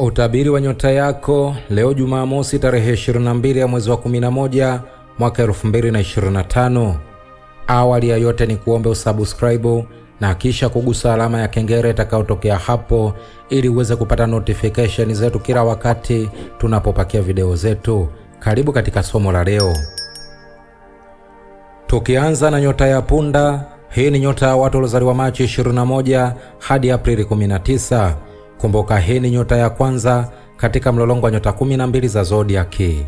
Utabiri wa nyota yako leo Jumamosi tarehe 22 ya mwezi wa 11 mwaka 2025. Awali ya yote ni kuombe usubscribe na kisha kugusa alama ya kengele itakayotokea hapo ili uweze kupata notification zetu kila wakati tunapopakia video zetu. Karibu katika somo la leo. Tukianza na nyota ya punda, hii ni nyota ya watu waliozaliwa Machi 21 hadi Aprili 19. Kumbuka hii ni nyota ya kwanza katika mlolongo wa nyota kumi na mbili za zodiaki.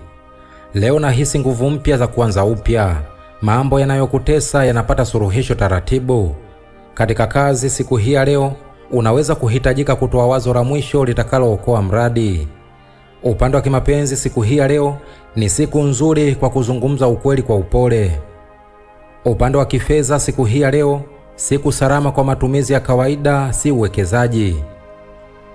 Leo nahisi nguvu mpya za kuanza upya. Mambo yanayokutesa yanapata suluhisho taratibu. Katika kazi siku hii ya leo, unaweza kuhitajika kutoa wazo la mwisho litakalookoa mradi. Upande wa kimapenzi siku hii ya leo ni siku nzuri kwa kuzungumza ukweli kwa upole. Upande wa kifedha siku hii ya leo, siku salama kwa matumizi ya kawaida, si uwekezaji.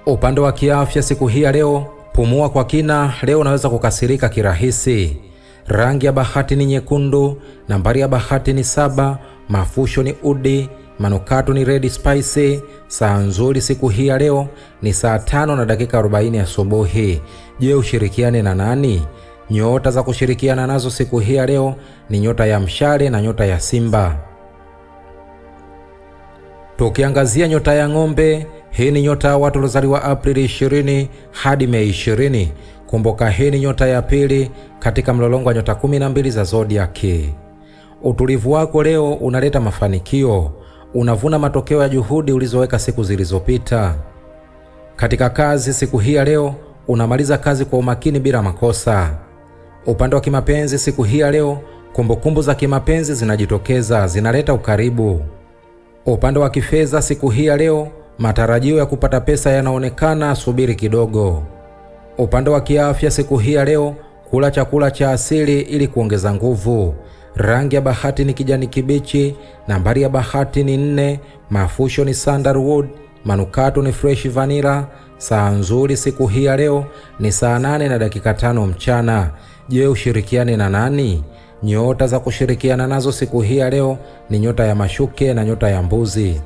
Upande wa kiafya siku hii ya leo, pumua kwa kina. Leo unaweza kukasirika kirahisi. Rangi ya bahati ni nyekundu. Nambari ya bahati ni saba. Mafusho ni udi. Manukato ni red spice. Saa nzuri siku hii ya leo ni saa tano na dakika 40 asubuhi. Je, ushirikiane na nani? Nyota za kushirikiana nazo siku hii ya leo ni nyota ya mshale na nyota ya simba. Tukiangazia nyota ya ng'ombe, hii ni nyota ya watu waliozaliwa Aprili 20 hadi Mei 20. Kumbuka, hii ni nyota ya pili katika mlolongo wa nyota 12 za zodiaki. Utulivu wako leo unaleta mafanikio, unavuna matokeo ya juhudi ulizoweka siku zilizopita. Katika kazi siku hii ya leo, unamaliza kazi kwa umakini bila makosa. Upande wa kimapenzi siku hii ya leo, kumbukumbu za kimapenzi zinajitokeza, zinaleta ukaribu. Upande wa kifedha siku hii ya leo Matarajio ya kupata pesa yanaonekana, subiri kidogo. Upande wa kiafya siku hii ya leo, kula chakula cha asili ili kuongeza nguvu. Rangi ya bahati ni kijani kibichi. Nambari ya bahati ni nne. Mafusho ni sandalwood. Manukato ni fresh vanilla. Saa nzuri siku hii ya leo ni saa nane na dakika tano mchana. Je, ushirikiane na nani? Nyota za kushirikiana nazo siku hii ya leo ni nyota ya mashuke na nyota ya mbuzi.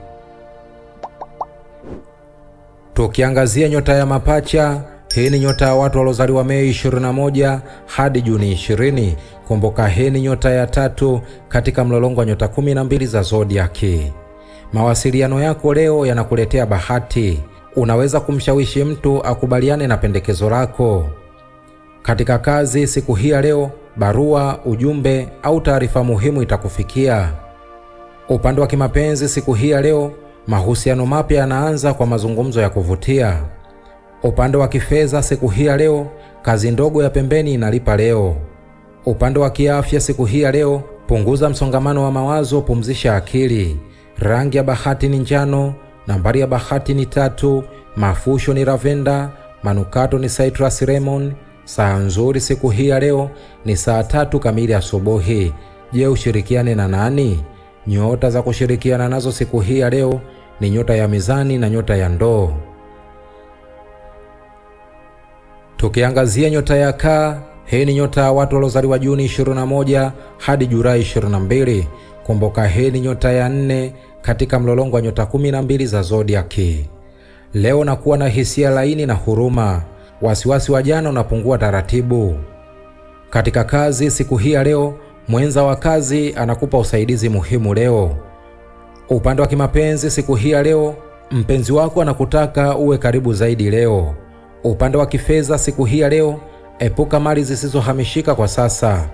Tukiangazia nyota ya mapacha, hii ni nyota ya watu waliozaliwa Mei 21 hadi Juni 20. Kumbuka, hii ni nyota ya tatu katika mlolongo wa nyota 12 za zodiaki. Mawasiliano yako leo yanakuletea bahati. Unaweza kumshawishi mtu akubaliane na pendekezo lako. Katika kazi siku hii ya leo, barua, ujumbe au taarifa muhimu itakufikia. Upande wa kimapenzi siku hii ya leo Mahusiano mapya yanaanza kwa mazungumzo ya kuvutia. Upande wa kifedha siku hii ya leo, kazi ndogo ya pembeni inalipa leo. Upande wa kiafya siku hii ya leo, punguza msongamano wa mawazo, pumzisha akili. Rangi ya bahati ni njano, nambari ya bahati ni tatu, mafusho ni lavenda, manukato ni citrus lemon. Saa nzuri siku hii ya leo ni saa tatu kamili asubuhi. Je, ushirikiane na nani? Nyota za kushirikiana nazo siku hii ya leo ni nyota ya mizani na nyota ya ndoo. Tukiangazia nyota ya kaa, hii ni nyota ya watu waliozaliwa Juni 21 hadi Julai 22. Kumbuka hii ni nyota ya nne katika mlolongo wa nyota 12 za zodiaki. Leo nakuwa na hisia laini na huruma, wasiwasi wa jana unapungua taratibu. Katika kazi siku hii ya leo, mwenza wa kazi anakupa usaidizi muhimu leo. Upande wa kimapenzi siku hii ya leo, mpenzi wako anakutaka uwe karibu zaidi leo. Upande wa kifedha siku hii ya leo, epuka mali zisizohamishika kwa sasa.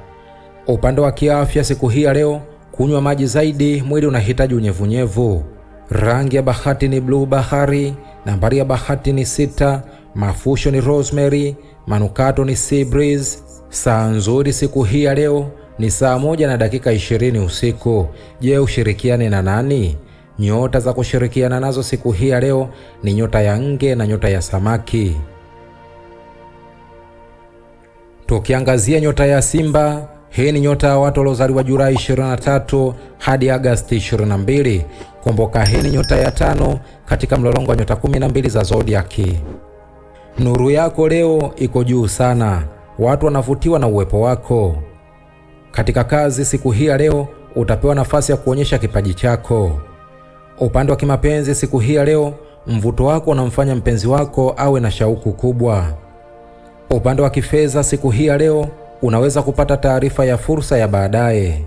Upande wa kiafya siku hii ya leo, kunywa maji zaidi, mwili unahitaji unyevunyevu. Rangi ya bahati ni bluu bahari. Nambari ya bahati ni sita. Mafusho ni rosemary. Manukato ni sea breeze. Saa nzuri siku hii ya leo ni saa moja na dakika ishirini usiku. Je, ushirikiane na nani? Nyota za kushirikiana nazo siku hii ya leo ni nyota ya nge na nyota ya samaki. Tukiangazia nyota ya Simba, hii ni nyota ya watu waliozaliwa Julai 23 hadi Agasti 22. Kumbuka, hii ni nyota ya tano katika mlolongo wa nyota 12 za zodiaki. Nuru yako leo iko juu sana, watu wanavutiwa na uwepo wako. Katika kazi siku hii ya leo utapewa nafasi ya kuonyesha kipaji chako. Upande wa kimapenzi siku hii ya leo, mvuto wako unamfanya mpenzi wako awe na shauku kubwa. Upande wa kifedha siku hii ya leo, unaweza kupata taarifa ya fursa ya baadaye.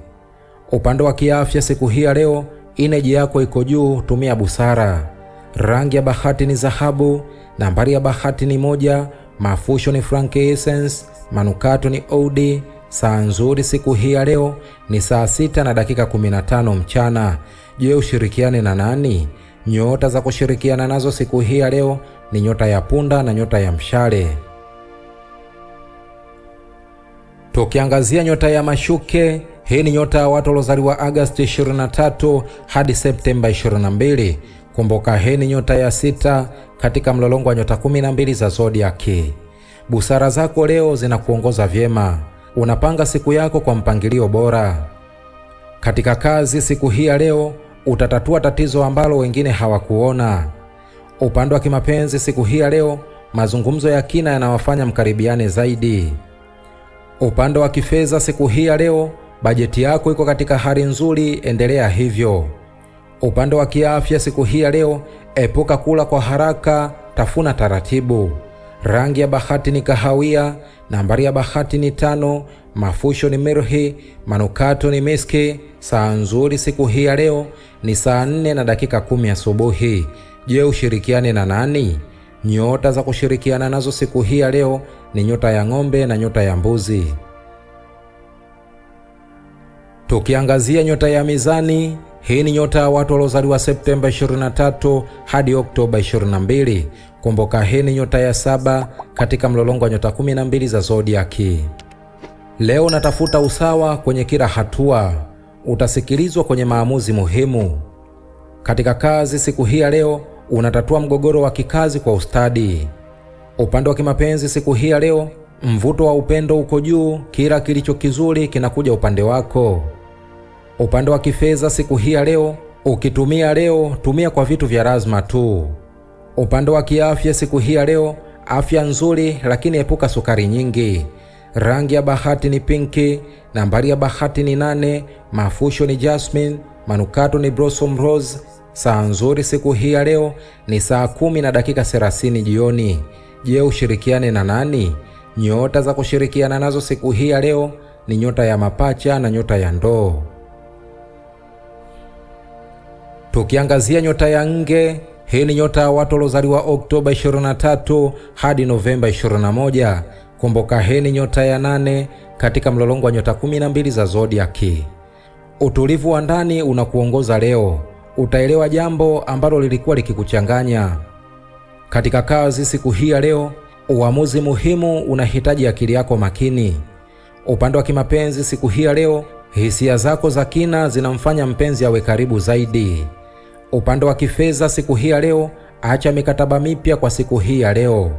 Upande wa kiafya siku hii ya leo, ineji yako iko juu, tumia busara. Rangi ya bahati ni dhahabu, nambari ya bahati ni moja, mafusho ni frankincense, manukato ni oudi. Saa nzuri siku hii ya leo ni saa sita na dakika 15 mchana. Je, ushirikiane na nani? Nyota za kushirikiana nazo siku hii ya leo ni nyota ya punda na nyota ya mshale. Tukiangazia nyota ya mashuke, hii ni nyota ya watu waliozaliwa Agosti 23 hadi Septemba 22. Kumbuka, hii ni nyota ya sita katika mlolongo wa nyota 12 za zodiaki. Busara zako leo zinakuongoza vyema unapanga siku yako kwa mpangilio bora. Katika kazi siku hii ya leo utatatua tatizo ambalo wengine hawakuona. Upande wa kimapenzi siku hii ya leo, mazungumzo ya kina yanawafanya mkaribiane zaidi. Upande wa kifedha siku hii ya leo, bajeti yako iko katika hali nzuri, endelea hivyo. Upande wa kiafya siku hii ya leo, epuka kula kwa haraka, tafuna taratibu. Rangi ya bahati ni kahawia, nambari ya bahati ni tano, mafusho ni mirhi, manukato ni miski. Saa nzuri siku hii ya leo ni saa nne na dakika kumi asubuhi. Je, ushirikiane na nani? Nyota za kushirikiana nazo siku hii ya leo ni nyota ya ng'ombe na nyota ya mbuzi. Tukiangazia nyota ya mizani, hii ni nyota ya watu waliozaliwa Septemba 23 hadi Oktoba 22. Kumbuka, hii ni nyota ya saba katika mlolongo wa nyota 12 za zodiaki. Leo unatafuta usawa kwenye kila hatua, utasikilizwa kwenye maamuzi muhimu. Katika kazi siku hii ya leo, unatatua mgogoro wa kikazi kwa ustadi. Upande wa kimapenzi siku hii ya leo, mvuto wa upendo uko juu, kila kilicho kizuri kinakuja upande wako. Upande wa kifedha siku hii ya leo, ukitumia leo tumia kwa vitu vya lazima tu. Upande wa kiafya siku hii ya leo, afya nzuri, lakini epuka sukari nyingi. Rangi ya bahati ni pinki. Nambari ya bahati ni nane. Mafusho ni jasmine. Manukato ni blossom rose. Saa nzuri siku hii ya leo ni saa kumi na dakika serasini jioni. Je, ushirikiane na nani? Nyota za kushirikiana nazo siku hii ya leo ni nyota ya mapacha na nyota ya ndoo tukiangazia nyota ya nge. Hii ni nyota ya watu waliozaliwa Oktoba 23 hadi Novemba 21. Kumbuka, hii ni nyota ya nane katika mlolongo wa nyota 12 za zodiaki. Utulivu wa ndani unakuongoza leo, utaelewa jambo ambalo lilikuwa likikuchanganya katika kazi. Siku hii ya leo, uamuzi muhimu unahitaji akili yako makini. Upande wa kimapenzi, siku hii ya leo, hisia zako za kina zinamfanya mpenzi awe karibu zaidi. Upande wa kifedha siku hii ya leo, acha mikataba mipya kwa siku hii ya leo.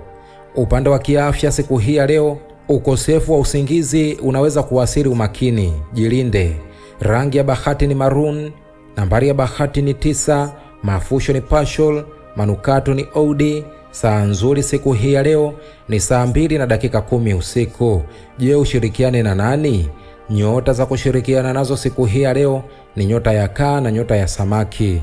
Upande wa kiafya siku hii ya leo, ukosefu wa usingizi unaweza kuathiri umakini, jilinde. Rangi ya bahati ni maroon, nambari ya bahati ni tisa, mafusho ni pashol, manukato ni oudi. Saa nzuri siku hii ya leo ni saa mbili na dakika kumi usiku. Je, ushirikiane na nani? Nyota za kushirikiana nazo siku hii ya leo ni nyota ya kaa na nyota ya samaki.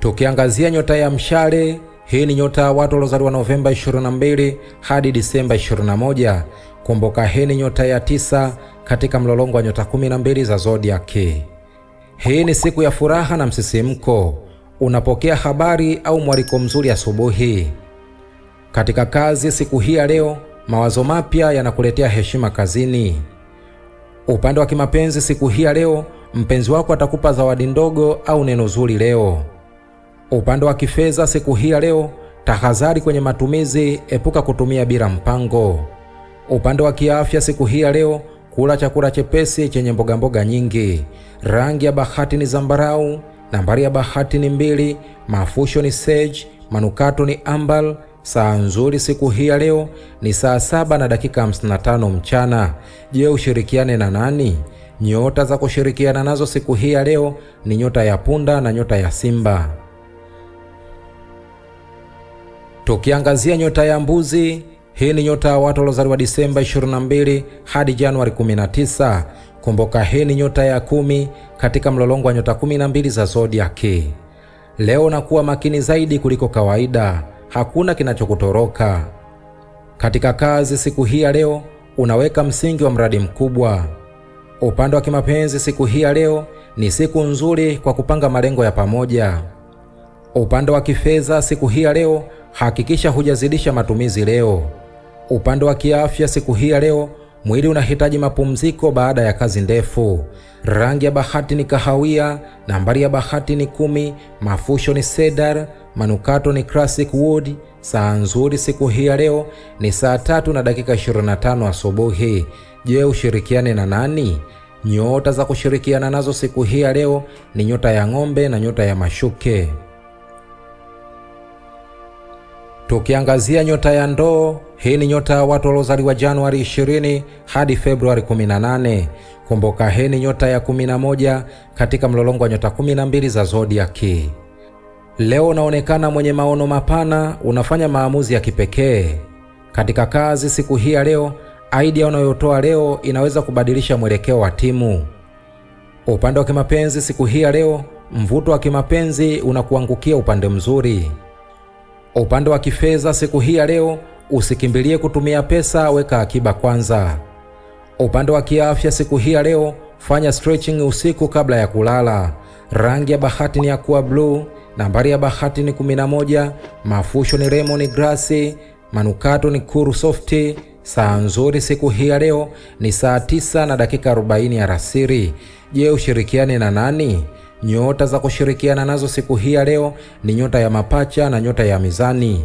Tukiangazia nyota ya mshale, hii ni nyota ya watu waliozaliwa Novemba 22 hadi Disemba 21. Kumbuka, hii ni nyota ya tisa katika mlolongo wa nyota 12 za zodiaki. Hii ni siku ya furaha na msisimko, unapokea habari au mwaliko mzuri asubuhi. Katika kazi siku hii ya leo, mawazo mapya yanakuletea heshima kazini. Upande wa kimapenzi siku hii ya leo, mpenzi wako atakupa zawadi ndogo au neno zuri leo. Upande wa kifedha siku hii ya leo, tahadhari kwenye matumizi, epuka kutumia bila mpango. Upande wa kiafya siku hii ya leo, kula chakula chepesi chenye mbogamboga nyingi. Rangi ya bahati ni zambarau. Nambari ya bahati ni mbili. Mafusho ni sage. Manukato ni ambal. Saa nzuri siku hii ya leo ni saa saba na dakika 55 mchana. Je, ushirikiane na nani? Nyota za kushirikiana nazo siku hii ya leo ni nyota ya punda na nyota ya simba. Tukiangazia nyota ya mbuzi, hii ni nyota ya watu waliozaliwa Disemba 22 hadi Januari 19. Kumbuka, hii ni nyota ya kumi katika mlolongo wa nyota 12 za zodiaki. Leo nakuwa makini zaidi kuliko kawaida, hakuna kinachokutoroka katika kazi. Siku hii ya leo unaweka msingi wa mradi mkubwa. Upande wa kimapenzi, siku hii ya leo ni siku nzuri kwa kupanga malengo ya pamoja. Upande wa kifedha siku hii ya leo, hakikisha hujazidisha matumizi leo. Upande wa kiafya siku hii ya leo, mwili unahitaji mapumziko baada ya kazi ndefu. Rangi ya bahati ni kahawia, nambari ya bahati ni kumi, mafusho ni cedar, manukato ni classic wood. Saa nzuri siku hii ya leo ni saa tatu na dakika 25 asubuhi. Je, ushirikiane na nani? Nyota za kushirikiana nazo siku hii ya leo ni nyota ya ng'ombe na nyota ya mashuke. Tukiangazia nyota ya ndoo, hii ni nyota ya watu waliozaliwa Januari 20 hadi Februari 18. Kumbuka, hii ni nyota ya 11 katika mlolongo wa nyota 12 za zodiaki. Leo unaonekana mwenye maono mapana, unafanya maamuzi ya kipekee katika kazi. Siku hii ya leo, aidia unayotoa leo inaweza kubadilisha mwelekeo wa timu. Upande wa kimapenzi, siku hii ya leo, mvuto wa kimapenzi unakuangukia upande mzuri. Upande wa kifedha siku hii ya leo, usikimbilie kutumia pesa, weka akiba kwanza. Upande wa kiafya siku hii ya leo, fanya stretching usiku kabla ya kulala. Rangi ya bahati ni ya kuwa bluu. Nambari ya bahati ni 11. Mafusho ni lemon grass. Manukato ni Kuru Soft. Saa nzuri siku hii ya leo ni saa 9 na dakika 40 rasiri Je, ushirikiane na nani? Nyota za kushirikiana nazo siku hii ya leo ni nyota ya mapacha na nyota ya mizani.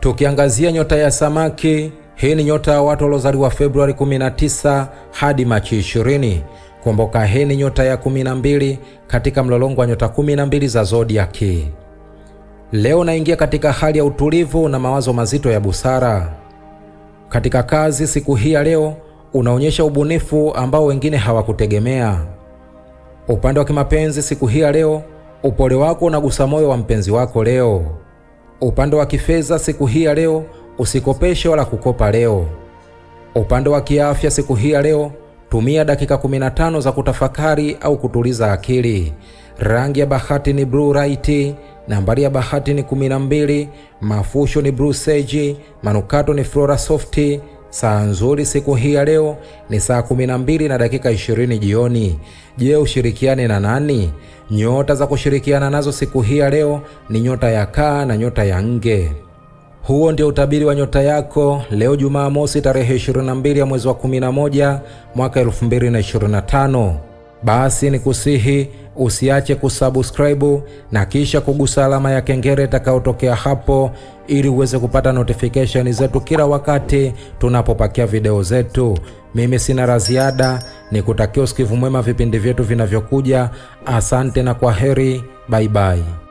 Tukiangazia nyota ya samaki, hii ni nyota ya watu waliozaliwa Februari 19 hadi Machi 20. Kumbuka, hii ni nyota ya 12 katika mlolongo wa nyota 12 za zodiaki. Leo naingia katika hali ya utulivu na mawazo mazito ya busara. Katika kazi siku hii ya leo unaonyesha ubunifu ambao wengine hawakutegemea. Upande wa kimapenzi siku hii ya leo, upole wako unagusa moyo wa mpenzi wako leo. Upande wa kifedha siku hii ya leo, usikopeshe wala kukopa leo. Upande wa kiafya siku hii ya leo, tumia dakika 15 za kutafakari au kutuliza akili. Rangi ya bahati ni blue light, nambari ya bahati ni 12, mafusho ni blue sage, manukato ni flora softi. Saa nzuri siku hii ya leo ni saa kumi na dakika ishirini jioni. Je, ushirikiane na nani? Nyota za kushirikiana nazo siku hii ya leo ni nyota ya kaa na nyota ya nge. Huo ndio utabiri wa nyota yako leo Jumamosi tarehe 22 ya mwezi wa 11 mwaka 2025 basi ni kusihi usiache kusubscribe na kisha kugusa alama ya kengele itakayotokea hapo, ili uweze kupata notification zetu kila wakati tunapopakia video zetu. Mimi sina la ziada, ni kutakia usikivu mwema vipindi vyetu vinavyokuja. Asante na kwa heri, baibai.